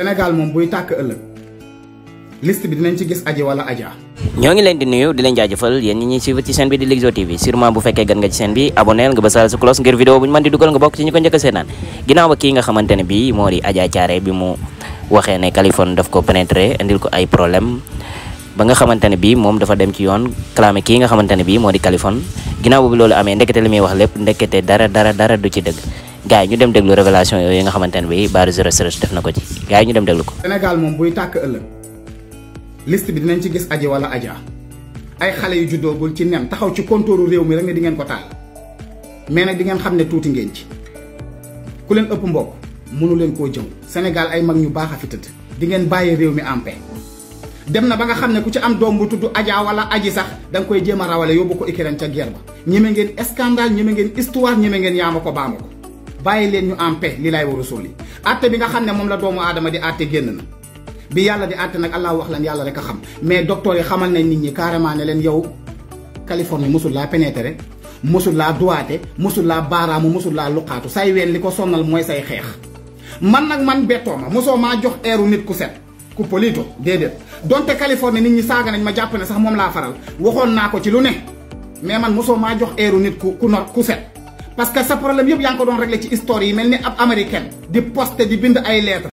Sénégal moom buy tàkk ëllëg liste bi dinañ ci gis aji wala aja ñoo ngi leen di nuyu di leen jaajëfal yéen ñi ñuy suivre ci chaîne bi di Likzo TV sûrement bu fekkee gën nga ci chaîne bi abonneel nga basaal sa cloche ngir vidéo bu ñu mën di dugal nga bokk ci ñu ko njëkk a seetaan ginnaaw ba kii nga xamante ne bii moo di Adja Thiaré bi waxee ne Kaliphone daf ko pénétrer indil ko ay problème ba nga xamante ne bii moom dafa dem ci yoon clamé kii nga xamante ne bii moo di kalifon ginnaaw boobu loolu amee ndekete li muy wax lépp ndekete dara dara dara du ci dëgg gars yi ñu dem déglu révélation yooyu nga xamante ne bi Barra Zero Search def na ko ci gars yi ñu ko Sénégal moom buy tàkk ëllëg list bi dinañ ci gis aji wala aja ay xale yu juddoogul ci nem taxaw ci kontooru réew mi rek ne di ngeen ko taal mais nag di ngeen xam ne tuuti ngeen ci ku leen ëpp mbokk mënu leen koo jëm Sénégal ay mag ñu baax a fi tëdd di ngeen bàyyi réew mi en dem na ba nga xam ne ku ci am doom bu tudd Adja wala aji sax da nga koy jéem a rawale yóbbu ko ikireen ca guerre ba ñeme ngeen scandale ñeme ngeen histoire ñeme ngeen yaama ko baama bàyyi leen ñu en paix li laay war a sóoli atte bi nga xam ne moom la doomu aadama di atte génn na bi yàlla di atte nag allah wax lan yàlla rek a xam mais docteur yi xamal nañ nit ñi carrément ne leen yow Californie mosul laa pénétrer mosul laa duwaate mosul laa baaraamu mosul laa luqaatu say ween li ko sonnal mooy say xeex man nag man bettoo ma mosoo maa jox eeru nit ku set ku polito déedéet donte Californie nit ñi saaga nañ ma jàpp ne sax moom laa faral waxoon naa ko ci lu ne mais man mosoo maa jox eeru nit ku ku nor set parce que sa problème yëpp yaa ngi ko doon réglé ci histoire yi mel ni ab américaine di poste di bind ay lettres.